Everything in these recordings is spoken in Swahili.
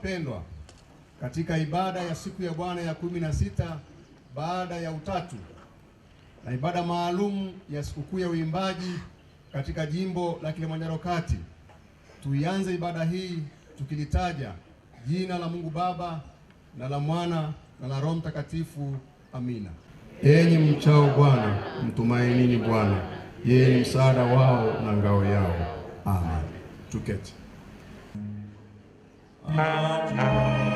wapendwa, katika ibada ya siku ya Bwana ya kumi na sita baada ya utatu na ibada maalum ya sikukuu ya uimbaji katika jimbo la Kilimanjaro Kati, tuianze ibada hii tukilitaja jina la Mungu Baba na la Mwana na la Roho Mtakatifu. Amina. Enyi mchao Bwana, mtumainini Bwana, yeye ni msaada wao na ngao yao. Amen. Tuketi. Thank you.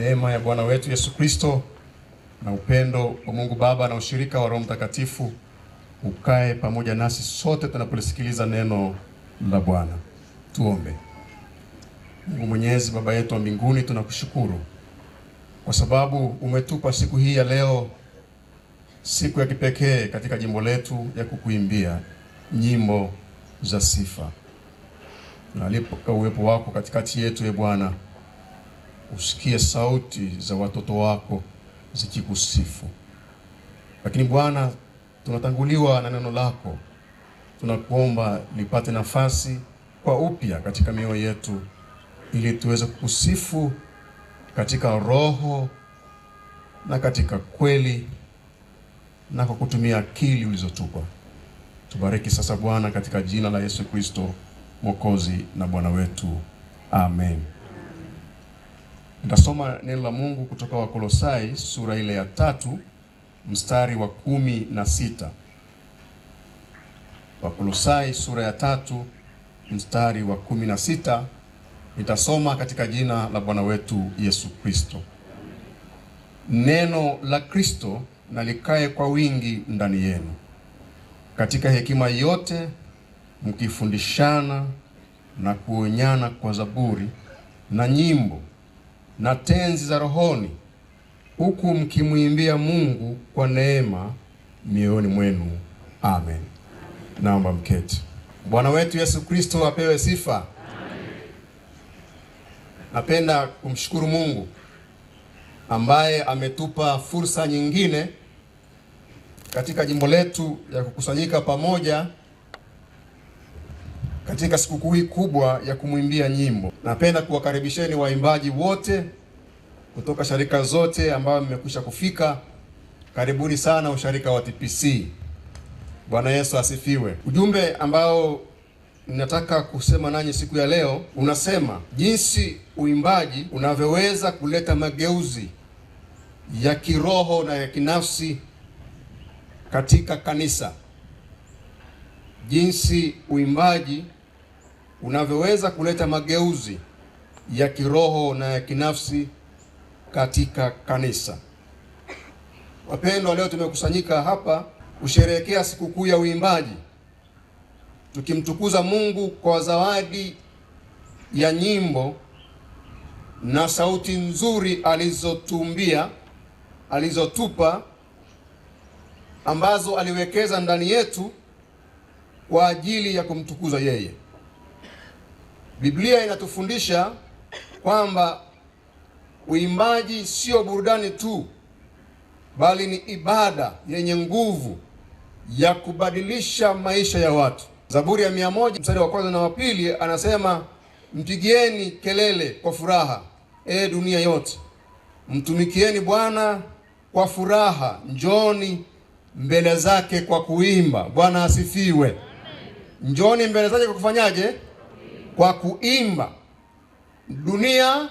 Neema ya Bwana wetu Yesu Kristo na upendo wa Mungu Baba na ushirika wa Roho Mtakatifu ukae pamoja nasi sote tunapolisikiliza neno la Bwana. Tuombe. Mungu Mwenyezi, Baba yetu wa mbinguni, tunakushukuru kwa sababu umetupa siku hii ya leo, siku ya kipekee katika jimbo letu ya kukuimbia nyimbo za sifa. Nalipo uwepo wako katikati yetu, e Bwana usikie sauti za watoto wako zikikusifu. Lakini Bwana, tunatanguliwa na neno lako, tunakuomba lipate nafasi kwa upya katika mioyo yetu, ili tuweze kukusifu katika roho na katika kweli na kwa kutumia akili ulizotupa. Tubariki sasa Bwana, katika jina la Yesu Kristo mwokozi na Bwana wetu, amen. Nitasoma neno la Mungu kutoka Wakolosai sura ile ya tatu mstari wa kumi na sita. Wakolosai sura ya tatu mstari wa kumi na sita nitasoma katika jina la Bwana wetu Yesu Kristo. Neno la Kristo na likae kwa wingi ndani yenu katika hekima yote, mkifundishana na kuonyana kwa zaburi na nyimbo na tenzi za rohoni, huku mkimwimbia Mungu kwa neema mioyoni mwenu. Amen. Naomba mketi. Bwana wetu Yesu Kristo apewe sifa. Napenda kumshukuru Mungu ambaye ametupa fursa nyingine katika jimbo letu ya kukusanyika pamoja katika sikukuu hii kubwa ya kumwimbia nyimbo. Napenda kuwakaribisheni waimbaji wote kutoka sharika zote ambayo mmekwisha kufika. Karibuni sana usharika wa TPC. Bwana Yesu asifiwe. Ujumbe ambao ninataka kusema nanyi siku ya leo unasema jinsi uimbaji unavyoweza kuleta mageuzi ya kiroho na ya kinafsi katika kanisa, jinsi uimbaji unavyoweza kuleta mageuzi ya kiroho na ya kinafsi katika kanisa. Wapendwa, leo tumekusanyika hapa kusherehekea sikukuu ya uimbaji, tukimtukuza Mungu kwa zawadi ya nyimbo na sauti nzuri alizotumbia, alizotupa, ambazo aliwekeza ndani yetu kwa ajili ya kumtukuza yeye. Biblia inatufundisha kwamba uimbaji sio burudani tu, bali ni ibada yenye nguvu ya kubadilisha maisha ya watu. Zaburi ya mia moja mstari wa kwanza na wa pili anasema, mpigieni kelele kwa furaha, e dunia yote, mtumikieni Bwana kwa furaha, njoni mbele zake kwa kuimba. Bwana asifiwe. Njoni mbele zake kwa kufanyaje? kwa kuimba dunia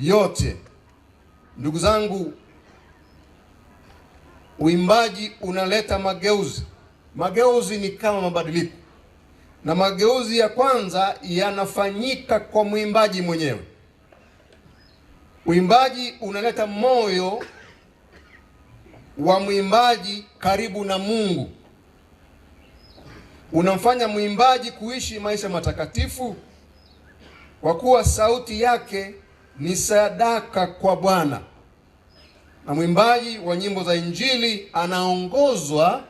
yote. Ndugu zangu, uimbaji unaleta mageuzi. Mageuzi ni kama mabadiliko, na mageuzi ya kwanza yanafanyika kwa mwimbaji mwenyewe. Uimbaji unaleta moyo wa mwimbaji karibu na Mungu, unamfanya mwimbaji kuishi maisha matakatifu kwa kuwa sauti yake ni sadaka kwa Bwana. Na mwimbaji wa nyimbo za Injili anaongozwa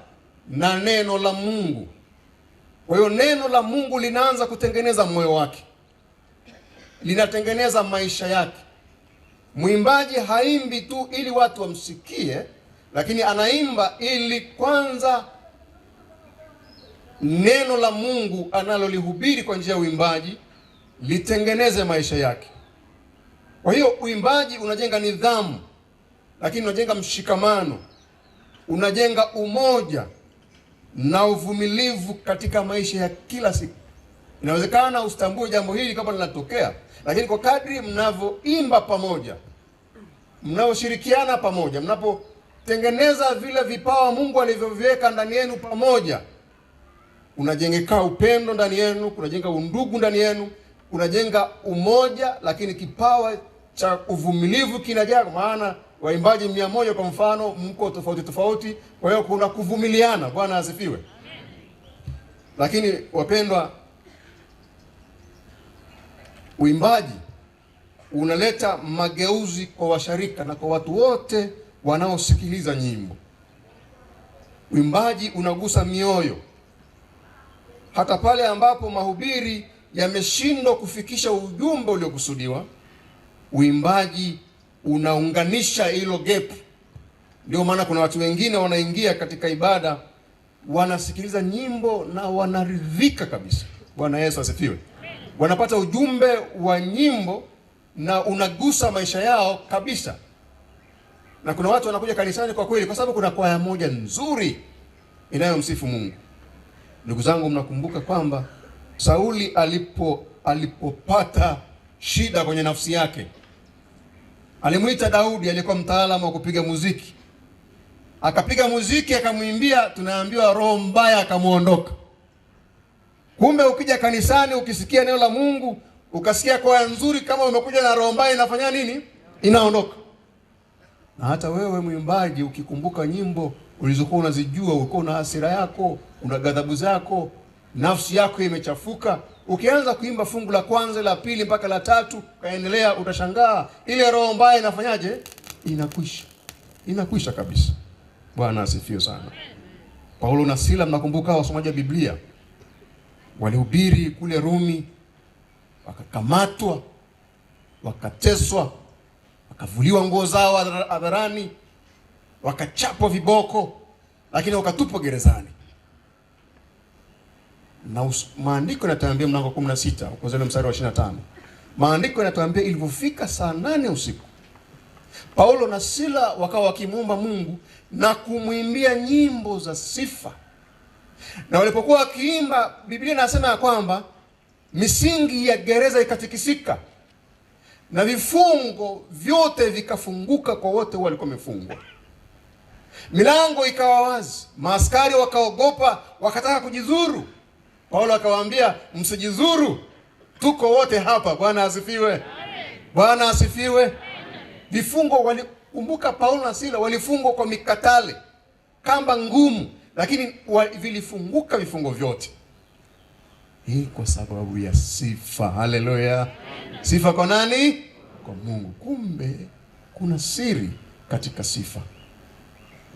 na neno la Mungu. Kwa hiyo neno la Mungu linaanza kutengeneza moyo wake, linatengeneza maisha yake. Mwimbaji haimbi tu ili watu wamsikie, lakini anaimba ili kwanza neno la Mungu analolihubiri kwa njia ya uimbaji litengeneze maisha yake. Kwa hiyo uimbaji unajenga nidhamu, lakini unajenga mshikamano, unajenga umoja na uvumilivu katika maisha ya kila siku. Inawezekana usitambue jambo hili kama linatokea, lakini kwa kadri mnavyoimba pamoja, mnavyoshirikiana pamoja, mnapotengeneza vile vipawa Mungu alivyoviweka ndani yenu pamoja, unajengeka upendo ndani yenu, kunajenga undugu ndani yenu unajenga umoja, lakini kipawa cha uvumilivu kinajaa, maana waimbaji mia moja kwa mfano mko tofauti tofauti, kwa hiyo kuna kuvumiliana. Bwana asifiwe. Lakini wapendwa, uimbaji unaleta mageuzi kwa washarika na kwa watu wote wanaosikiliza nyimbo. Uimbaji unagusa mioyo hata pale ambapo mahubiri yameshindwa kufikisha ujumbe uliokusudiwa, uimbaji unaunganisha hilo gap. Ndio maana kuna watu wengine wanaingia katika ibada, wanasikiliza nyimbo na wanaridhika kabisa. Bwana Yesu asifiwe. Wanapata ujumbe wa nyimbo na unagusa maisha yao kabisa. Na kuna watu wanakuja kanisani kwa kweli, kwa sababu kuna kwaya moja nzuri inayomsifu Mungu. Ndugu zangu, mnakumbuka kwamba Sauli alipo alipopata shida kwenye nafsi yake, alimwita Daudi aliyekuwa mtaalamu wa kupiga muziki, akapiga muziki, akamwimbia. Tunaambiwa roho mbaya akamwondoka. Kumbe ukija kanisani, ukisikia neno la Mungu, ukasikia kwaya nzuri, kama umekuja na roho mbaya, inafanya nini? Inaondoka. Na hata wewe mwimbaji, ukikumbuka nyimbo ulizokuwa unazijua, ulikuwa una hasira yako, una ghadhabu zako nafsi yako imechafuka. Ukianza kuimba fungu la kwanza, la pili mpaka la tatu, kaendelea, utashangaa ile roho mbaya inafanyaje? Inakwisha, inakwisha kabisa. Bwana asifiwe sana. Paulo na Sila, mnakumbuka, wasomaji wa Biblia walihubiri kule Rumi, wakakamatwa, wakateswa, wakavuliwa nguo zao hadharani, wakachapwa viboko, lakini wakatupwa gerezani na maandiko yanatuambia mlango 16 kuanzia mstari wa 25. Maandiko yanatuambia ilivyofika saa nane usiku Paulo na Sila wakawa wakimuomba Mungu na kumwimbia nyimbo za sifa, na walipokuwa wakiimba, Biblia inasema ya kwamba misingi ya gereza ikatikisika na vifungo vyote vikafunguka kwa wote walikuwa wamefungwa, milango ikawa wazi, maaskari wakaogopa, wakataka kujizuru Paulo akawaambia msijizuru, tuko wote hapa. Bwana asifiwe, Bwana asifiwe. Vifungo walikumbuka, Paulo na Sila walifungwa kwa mikatale, kamba ngumu, lakini vilifunguka vifungo vyote. Hii kwa sababu ya sifa. Haleluya! Sifa kwa nani? Kwa Mungu. Kumbe kuna siri katika sifa.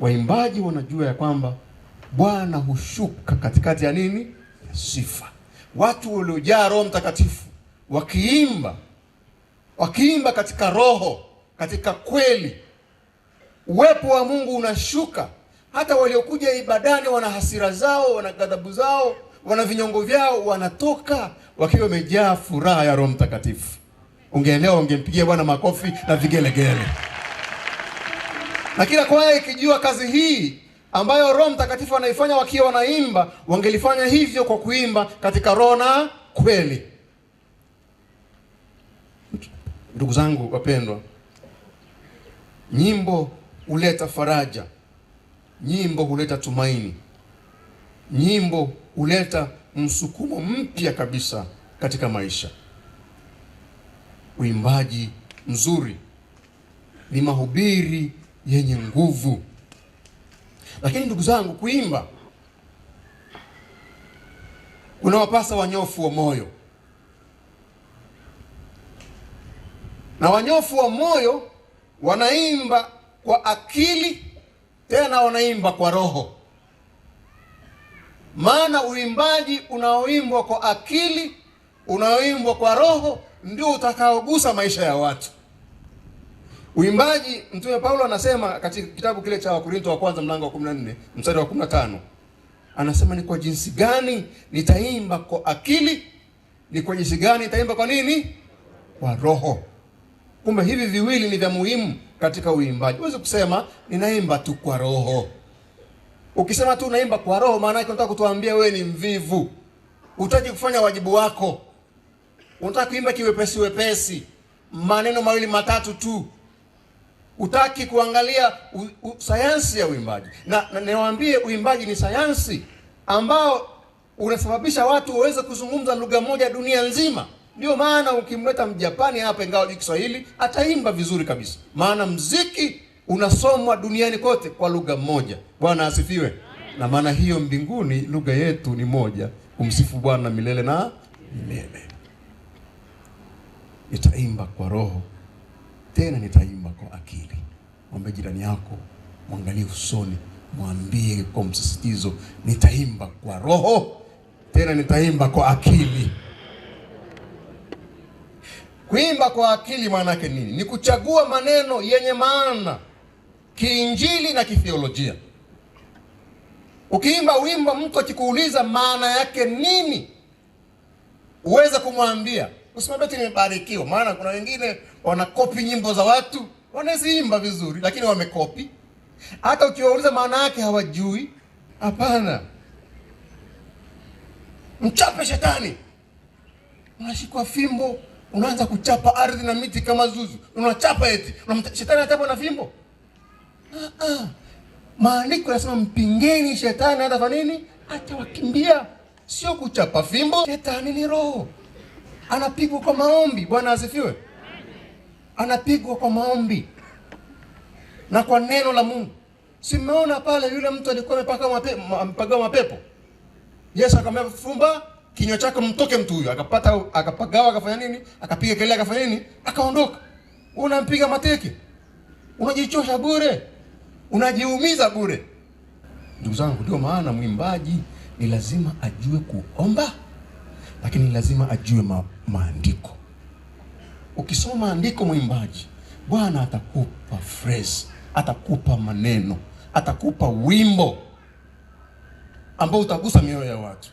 Waimbaji wanajua ya kwamba Bwana hushuka katikati ya nini? sifa. Watu waliojaa Roho Mtakatifu wakiimba, wakiimba katika roho, katika kweli, uwepo wa Mungu unashuka. Hata waliokuja ibadani wana hasira zao, wana ghadhabu zao, wana vinyongo vyao, wanatoka wakiwa wamejaa furaha ya Roho Mtakatifu. Ungeelewa, ungempigia Bwana makofi na vigelegele, na kila kwaya ikijua kazi hii ambayo Roho Mtakatifu anaifanya wakiwa wanaimba, wangelifanya hivyo kwa kuimba katika roho na kweli. Ndugu zangu wapendwa, nyimbo huleta faraja, nyimbo huleta tumaini, nyimbo huleta msukumo mpya kabisa katika maisha. Uimbaji mzuri ni mahubiri yenye nguvu. Lakini ndugu zangu, kuimba kuna wapasa wanyofu wa moyo, na wanyofu wa moyo wanaimba kwa akili, tena wanaimba kwa roho. Maana uimbaji unaoimbwa kwa akili, unaoimbwa kwa roho, ndio utakaogusa maisha ya watu. Uimbaji, Mtume Paulo anasema katika kitabu kile cha Wakorintho wa kwanza mlango wa 14 mstari wa 15, anasema ni kwa jinsi gani nitaimba kwa akili, ni kwa jinsi gani nitaimba kwa nini? Kwa roho. Kumbe hivi viwili ni vya muhimu katika uimbaji. Huwezi kusema ninaimba tu kwa roho. Ukisema tu unaimba kwa roho, maana yake unataka kutuambia wewe ni mvivu, hutaki kufanya wajibu wako, unataka kuimba kiwepesi wepesi, maneno mawili matatu tu utaki kuangalia u, u, sayansi ya uimbaji na, na niwaambie uimbaji ni sayansi ambao unasababisha watu waweze kuzungumza lugha moja dunia nzima. Ndio maana ukimleta Mjapani hapa, ingawa ni Kiswahili, ataimba vizuri kabisa, maana mziki unasomwa duniani kote kwa lugha moja. Bwana asifiwe. Na maana hiyo mbinguni lugha yetu ni moja. Kumsifu Bwana milele na milele, itaimba kwa roho tena nitaimba kwa akili. Mwambie jirani yako, mwangalie usoni, mwambie kwa msisitizo, nitaimba kwa roho, tena nitaimba kwa akili. Kuimba kwa akili maana yake nini? Ni kuchagua maneno yenye maana kiinjili na kithiolojia. Ukiimba wimbo, mtu akikuuliza maana yake nini, uweze kumwambia, usimwambie tu nimebarikiwa, maana kuna wengine wanakopi nyimbo za watu, wanaziimba vizuri, lakini wamekopi. Hata ukiwauliza maana yake hawajui. Hapana, mchape shetani, unashikwa fimbo, unaanza kuchapa ardhi na miti kama zuzu, unachapa eti shetani atapo na fimbo. Ah, ah. Maandiko yanasema mpingeni shetani hata nini, atawakimbia. Sio kuchapa fimbo. Shetani ni roho, anapigwa kwa maombi. Bwana asifiwe anapigwa kwa maombi na kwa neno la Mungu. Si mmeona pale yule mtu alikuwa amepagawa mapepo? Yesu akamwambia fumba kinywa chako, mtoke mtu huyo. Akapata, akapagawa, akafanya nini? Akapiga kelele, akafanya nini? Akaondoka. Unampiga mateke, unajichosha bure, unajiumiza bure. Ndugu zangu, ndio maana mwimbaji ni lazima ajue kuomba, lakini lazima ajue ma, maandiko Ukisoma andiko, mwimbaji, Bwana atakupa phrase, atakupa maneno, atakupa wimbo ambao utagusa mioyo ya watu.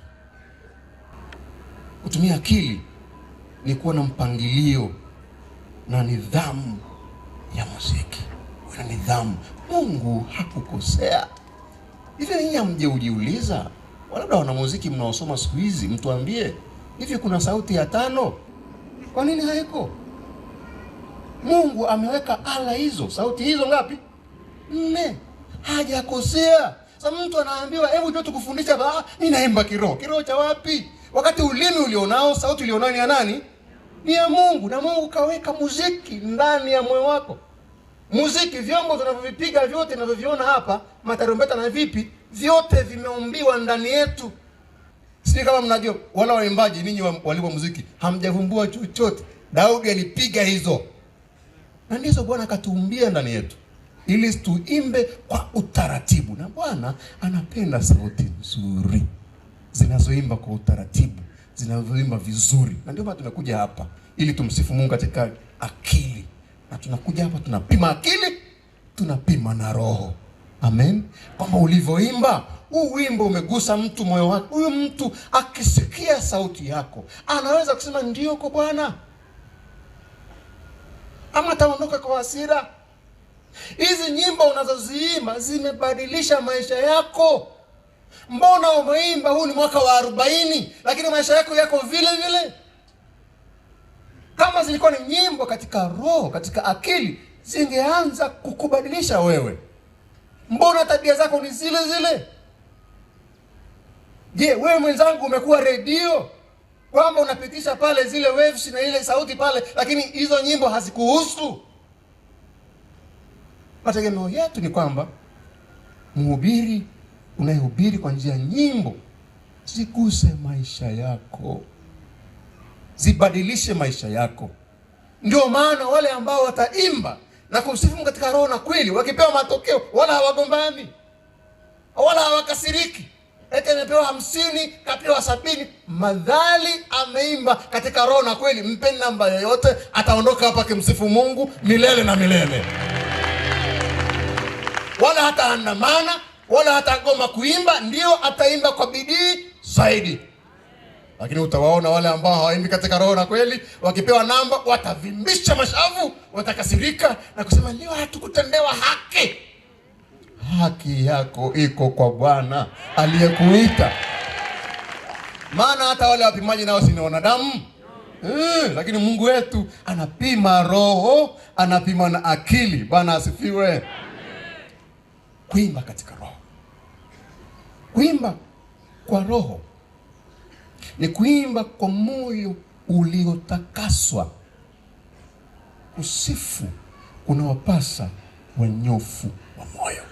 Kutumia akili ni kuwa na mpangilio na nidhamu ya muziki, na nidhamu. Mungu hakukosea. hivyo. ninyi amje ujiuliza, labda wanamuziki mnaosoma siku hizi, mtuambie hivi, kuna sauti ya tano? Kwa nini haiko? Mungu ameweka ala hizo, sauti hizo ngapi? Nne. Hajakosea. Sasa mtu anaambiwa hebu ndio tukufundisha ba, ah, mimi naimba kiroho. Kiroho cha wapi? Wakati ulimi ulionao, sauti ulionao ni ya nani? Ni ya Mungu, na Mungu kaweka muziki ndani ya moyo wako. Muziki, vyombo tunavyovipiga vyote tunavyoviona hapa, matarumbeta na vipi, vyote vimeumbiwa ndani yetu. Sijui kama mnajua, wala waimbaji ninyi walipo muziki hamjavumbua chochote. Daudi alipiga hizo na ndizo Bwana akatuumbia ndani yetu ili tuimbe kwa utaratibu, na Bwana anapenda sauti nzuri zinazoimba kwa utaratibu, zinazoimba vizuri. Na ndio maana tunakuja hapa ili tumsifu Mungu katika akili, na tunakuja hapa tunapima akili, tunapima na roho. Amen, kwamba ulivyoimba huu wimbo umegusa mtu moyo wake. Huyu mtu akisikia sauti yako anaweza kusema ndio kwa Bwana ama ataondoka kwa hasira. Hizi nyimbo unazoziimba zimebadilisha maisha yako. Mbona umeimba huu ni mwaka wa arobaini, lakini maisha yako yako vile vile? Kama zilikuwa ni nyimbo katika roho, katika akili, zingeanza kukubadilisha wewe. Mbona tabia zako ni zile zile? Je, wewe mwenzangu, umekuwa redio? kwamba unapitisha pale zile waves na ile sauti pale, lakini hizo nyimbo hazikuhusu. Mategemeo yetu ni kwamba mhubiri unayehubiri kwa njia ya nyimbo ziguse maisha yako, zibadilishe maisha yako. Ndio maana wale ambao wataimba na kumsifu katika roho na kweli, wakipewa matokeo wala hawagombani wala hawakasiriki eti amepewa hamsini kapewa sabini madhali ameimba katika roho na kweli, mpeni namba yoyote, ataondoka hapa akimsifu Mungu milele na milele, wala hataandamana wala hatagoma kuimba. Ndio ataimba kwa bidii zaidi, lakini utawaona wale ambao hawaimbi katika roho na kweli, wakipewa namba watavimbisha mashavu, watakasirika na kusema, ndio kutendewa haki haki yako iko kwa Bwana aliyekuita. Maana hata wale wapimaji nao si ni wanadamu eh, lakini Mungu wetu anapima roho, anapima na akili. Bwana asifiwe. Kuimba katika roho, kuimba kwa roho ni kuimba kwa moyo uliotakaswa. Usifu unawapasa wanyofu wa moyo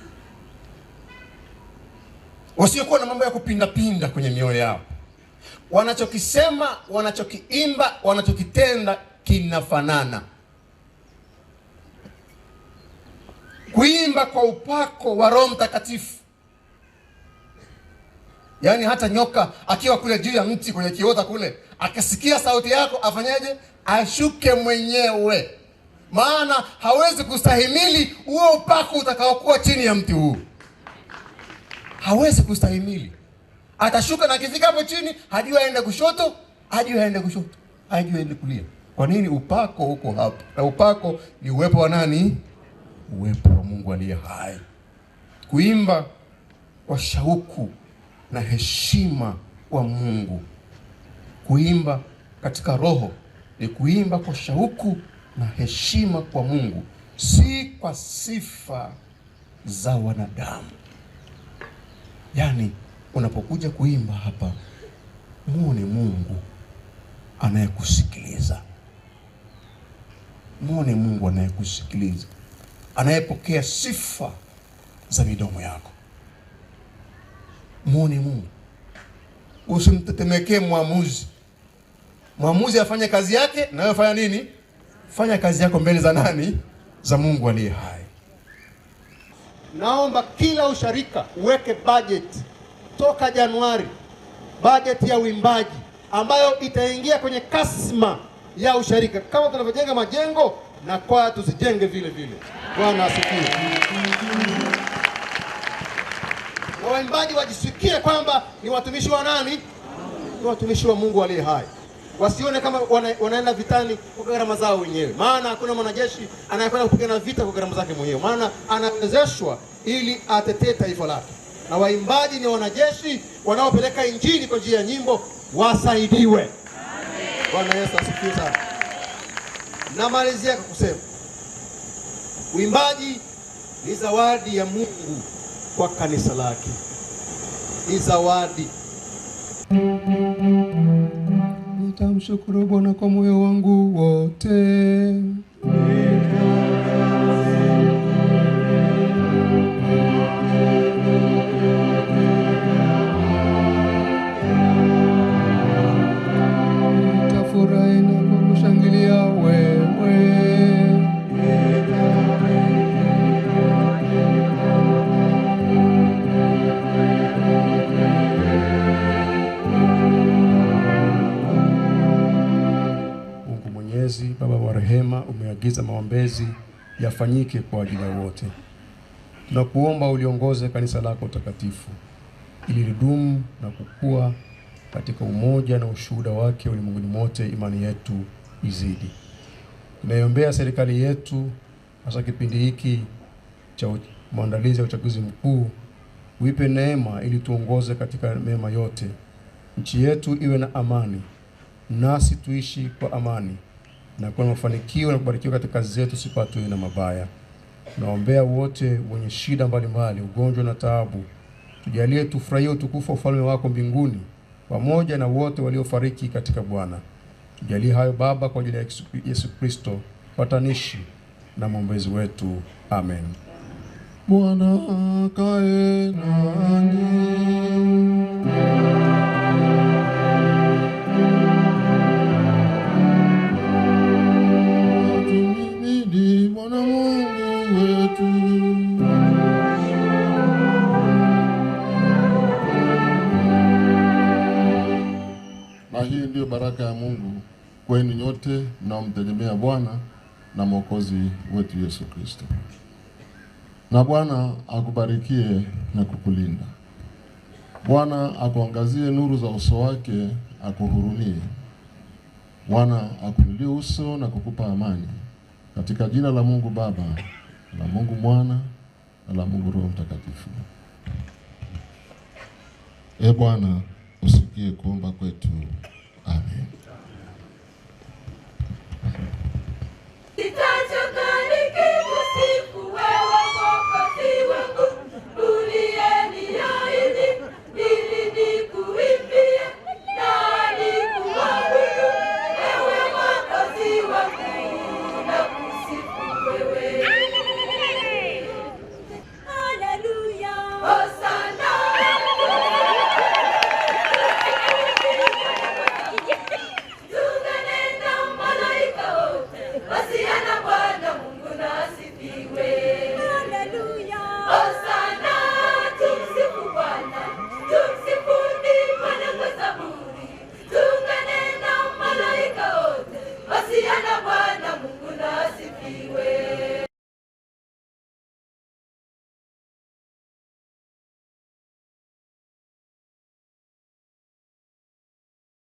wasiokuwa na mambo ya kupindapinda kwenye mioyo yao. Wanachokisema, wanachokiimba, wanachokitenda kinafanana. Kuimba kwa upako wa Roho Mtakatifu, yaani hata nyoka akiwa kule juu ya mti kwenye kiota kule, akisikia sauti yako afanyeje? Ashuke mwenyewe, maana hawezi kustahimili huo upako utakaokuwa chini ya mti huu hawezi kustahimili, atashuka na akifika hapo chini hajui aende kushoto, hajui aende kushoto, hajui aende kulia. Kwa nini? Upako huko hapo, na upako ni uwepo wa nani? Uwepo wa Mungu aliye hai. Kuimba kwa shauku na heshima kwa Mungu, kuimba katika roho ni kuimba kwa shauku na heshima kwa Mungu, si kwa sifa za wanadamu. Yaani unapokuja kuimba hapa, muone Mungu anayekusikiliza, muone Mungu anayekusikiliza, anayepokea sifa za midomo yako. Muone Mungu, usimtetemekee mwamuzi. Mwamuzi afanye kazi yake, nawe fanya nini? Fanya kazi yako mbele za nani? Za Mungu aliye hai naomba kila usharika uweke budget toka Januari, budget ya uimbaji ambayo itaingia kwenye kasma ya usharika. Kama tunavyojenga majengo na kwaya tuzijenge vile vile. Bwana asifiwe. Waimbaji wajisikie kwamba ni watumishi wa nani? Ni watumishi wa Mungu aliye hai wasione kama wana, wanaenda vitani kwa gharama zao wenyewe, maana hakuna mwanajeshi anayekwenda kupigana vita kwa gharama zake mwenyewe, maana anawezeshwa ili atetee taifa lake. Na waimbaji ni wanajeshi wanaopeleka injili kwa njia ya nyimbo, wasaidiwe. Bwana Yesu asifiwe sana. Namalizia kwa kusema uimbaji ni zawadi ya Mungu kwa kanisa lake, ni zawadi nitamshukuru Bwana kwa moyo wangu wote. maombezi yafanyike kwa ajili ya wote. Tunakuomba uliongoze kanisa lako takatifu ili lidumu na kukua katika umoja na ushuhuda wake ulimwenguni mote, imani yetu izidi. Tunaiombea serikali yetu, hasa kipindi hiki cha maandalizi ya uchaguzi mkuu, uipe neema ili tuongoze katika mema yote, nchi yetu iwe na amani, nasi tuishi kwa amani na kuwa na mafanikio na kubarikiwa katika kazi zetu, sipatwe na mabaya. Naombea wote wenye shida mbalimbali, ugonjwa na taabu, tujalie tufurahie utukufu wa ufalme wako mbinguni pamoja na wote waliofariki katika Bwana. Tujalie hayo Baba, kwa ajili ya Yesu Kristo patanishi na mwombezi wetu, amen. Bwana akae nanyi. ndio baraka ya Mungu kwenu nyote mnaomtegemea Bwana na Mwokozi wetu Yesu Kristo. Na Bwana akubarikie na kukulinda. Bwana akuangazie nuru za uso wake, akuhurumie. Bwana akunulie uso na kukupa amani, katika jina la Mungu Baba la Mungu Mwana na la Mungu Roho Mtakatifu. E Bwana, usikie kuomba kwetu. Amen. Amen.